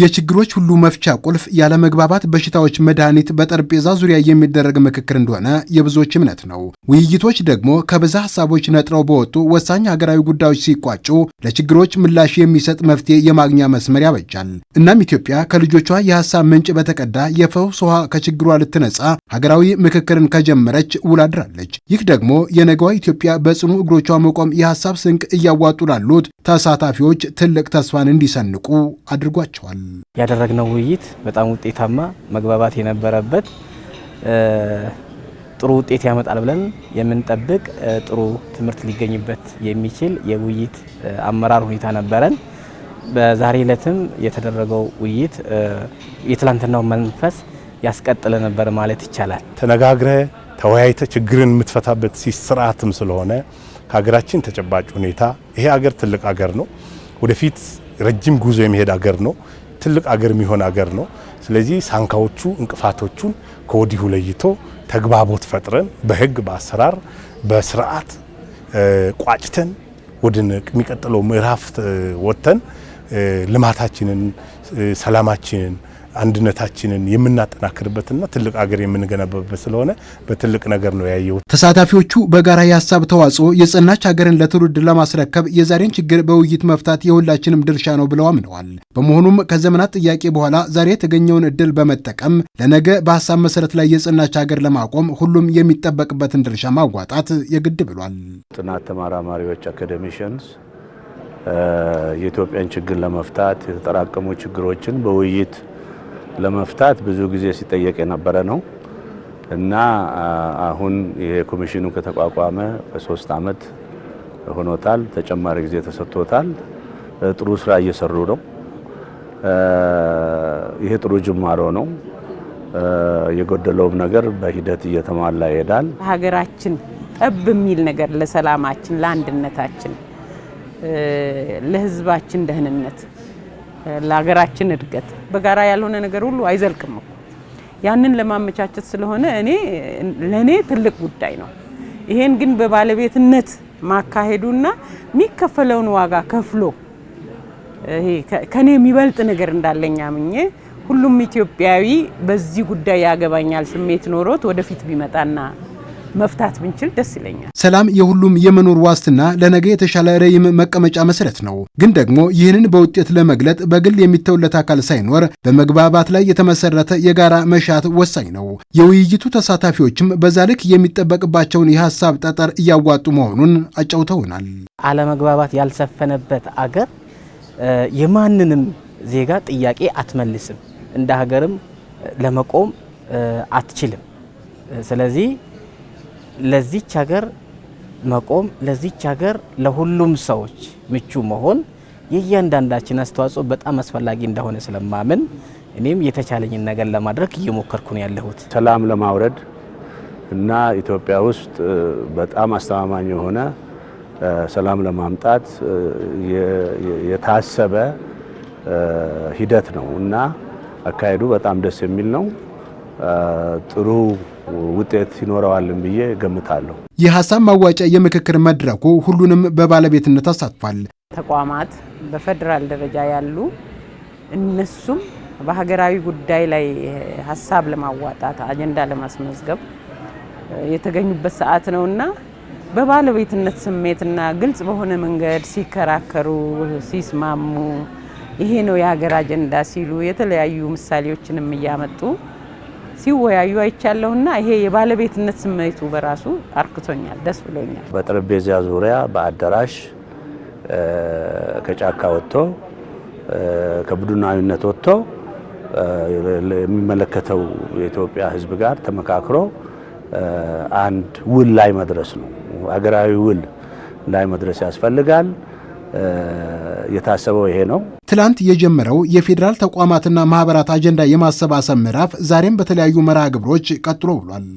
የችግሮች ሁሉ መፍቻ ቁልፍ ያለመግባባት በሽታዎች መድኃኒት በጠረጴዛ ዙሪያ የሚደረግ ምክክር እንደሆነ የብዙዎች እምነት ነው። ውይይቶች ደግሞ ከብዛ ሀሳቦች ነጥረው በወጡ ወሳኝ ሀገራዊ ጉዳዮች ሲቋጩ ለችግሮች ምላሽ የሚሰጥ መፍትሄ የማግኛ መስመር ያበጃል። እናም ኢትዮጵያ ከልጆቿ የሀሳብ ምንጭ በተቀዳ የፈውስ ውሃ ከችግሯ ልትነጻ ሀገራዊ ምክክርን ከጀመረች ውላ አድራለች። ይህ ደግሞ የነገዋ ኢትዮጵያ በጽኑ እግሮቿ መቆም የሀሳብ ስንቅ እያዋጡ ላሉት ተሳታፊዎች ትልቅ ተስፋን እንዲሰንቁ አድርጓቸዋል። ያደረግነው ውይይት በጣም ውጤታማ መግባባት የነበረበት ጥሩ ውጤት ያመጣል ብለን የምንጠብቅ ጥሩ ትምህርት ሊገኝበት የሚችል የውይይት አመራር ሁኔታ ነበረን። በዛሬ ዕለትም የተደረገው ውይይት የትላንትናው መንፈስ ያስቀጥለ ነበር ማለት ይቻላል። ተነጋግረ ተወያይተ ችግርን የምትፈታበት ስርዓትም ስለሆነ ከሀገራችን ተጨባጭ ሁኔታ ይሄ ሀገር ትልቅ ሀገር ነው። ወደፊት ረጅም ጉዞ የሚሄድ ሀገር ነው። ትልቅ አገር የሚሆን አገር ነው። ስለዚህ ሳንካዎቹ እንቅፋቶቹን ከወዲሁ ለይቶ ተግባቦት ፈጥረን በህግ በአሰራር በስርዓት ቋጭተን ወደ የሚቀጥለው ምዕራፍ ወጥተን ልማታችንን፣ ሰላማችንን አንድነታችንን የምናጠናክርበትና ትልቅ አገር የምንገነባበት ስለሆነ በትልቅ ነገር ነው ያየው ተሳታፊዎቹ በጋራ የሀሳብ ተዋጽኦ የጸናች ሀገርን ለትውልድ ለማስረከብ የዛሬን ችግር በውይይት መፍታት የሁላችንም ድርሻ ነው ብለው አምነዋል። በመሆኑም ከዘመናት ጥያቄ በኋላ ዛሬ የተገኘውን እድል በመጠቀም ለነገ በሀሳብ መሰረት ላይ የጸናች ሀገር ለማቆም ሁሉም የሚጠበቅበትን ድርሻ ማዋጣት የግድ ብሏል። ጥናት ተመራማሪዎች አካዴሚሽንስ የኢትዮጵያን ችግር ለመፍታት የተጠራቀሙ ችግሮችን በውይይት ለመፍታት ብዙ ጊዜ ሲጠየቅ የነበረ ነው እና አሁን ይሄ ኮሚሽኑ ከተቋቋመ በሶስት አመት ሆኖታል። ተጨማሪ ጊዜ ተሰጥቶታል። ጥሩ ስራ እየሰሩ ነው። ይሄ ጥሩ ጅማሮ ነው። የጎደለውም ነገር በሂደት እየተሟላ ይሄዳል። ሀገራችን ጠብ የሚል ነገር ለሰላማችን፣ ለአንድነታችን፣ ለህዝባችን ደህንነት ለሀገራችን እድገት በጋራ ያልሆነ ነገር ሁሉ አይዘልቅም እኮ ያንን ለማመቻቸት ስለሆነ እኔ ለእኔ ትልቅ ጉዳይ ነው። ይሄን ግን በባለቤትነት ማካሄዱና የሚከፈለውን ዋጋ ከፍሎ ይሄ ከኔ የሚበልጥ ነገር እንዳለኝ አምኜ ሁሉም ኢትዮጵያዊ በዚህ ጉዳይ ያገባኛል ስሜት ኖሮት ወደፊት ቢመጣና መፍታት ብንችል ደስ ይለኛል። ሰላም የሁሉም የመኖር ዋስትና፣ ለነገ የተሻለ ረይም መቀመጫ መሰረት ነው። ግን ደግሞ ይህንን በውጤት ለመግለጥ በግል የሚተውለት አካል ሳይኖር በመግባባት ላይ የተመሰረተ የጋራ መሻት ወሳኝ ነው። የውይይቱ ተሳታፊዎችም በዛ ልክ የሚጠበቅባቸውን የሀሳብ ጠጠር እያዋጡ መሆኑን አጫውተውናል። አለመግባባት ያልሰፈነበት አገር የማንንም ዜጋ ጥያቄ አትመልስም፣ እንደ ሀገርም ለመቆም አትችልም። ስለዚህ ለዚች ሀገር መቆም ለዚች ሀገር ለሁሉም ሰዎች ምቹ መሆን የእያንዳንዳችን አስተዋጽኦ በጣም አስፈላጊ እንደሆነ ስለማምን እኔም የተቻለኝን ነገር ለማድረግ እየሞከርኩ ነው ያለሁት። ሰላም ለማውረድ እና ኢትዮጵያ ውስጥ በጣም አስተማማኝ የሆነ ሰላም ለማምጣት የታሰበ ሂደት ነው እና አካሄዱ በጣም ደስ የሚል ነው። ጥሩ ውጤት ይኖረዋልን ብዬ ገምታለሁ። የሀሳብ ማዋጫ የምክክር መድረኩ ሁሉንም በባለቤትነት አሳትፏል። ተቋማት በፌዴራል ደረጃ ያሉ እነሱም በሀገራዊ ጉዳይ ላይ ሀሳብ ለማዋጣት አጀንዳ ለማስመዝገብ የተገኙበት ሰዓት ነውና በባለቤትነት ስሜትና ግልጽ በሆነ መንገድ ሲከራከሩ፣ ሲስማሙ ይሄ ነው የሀገር አጀንዳ ሲሉ የተለያዩ ምሳሌዎችንም እያመጡ ሲወያዩ አይቻለሁና ይሄ የባለቤትነት ስሜቱ በራሱ አርክቶኛል፣ ደስ ብሎኛል። በጠረጴዛ ዙሪያ በአዳራሽ ከጫካ ወጥቶ ከቡድናዊነት ወጥቶ የሚመለከተው የኢትዮጵያ ሕዝብ ጋር ተመካክሮ አንድ ውል ላይ መድረስ ነው። አገራዊ ውል ላይ መድረስ ያስፈልጋል። የታሰበው ይሄ ነው። ትላንት የጀመረው የፌዴራል ተቋማትና ማህበራት አጀንዳ የማሰባሰብ ምዕራፍ ዛሬም በተለያዩ መርሃ ግብሮች ቀጥሎ ብሏል።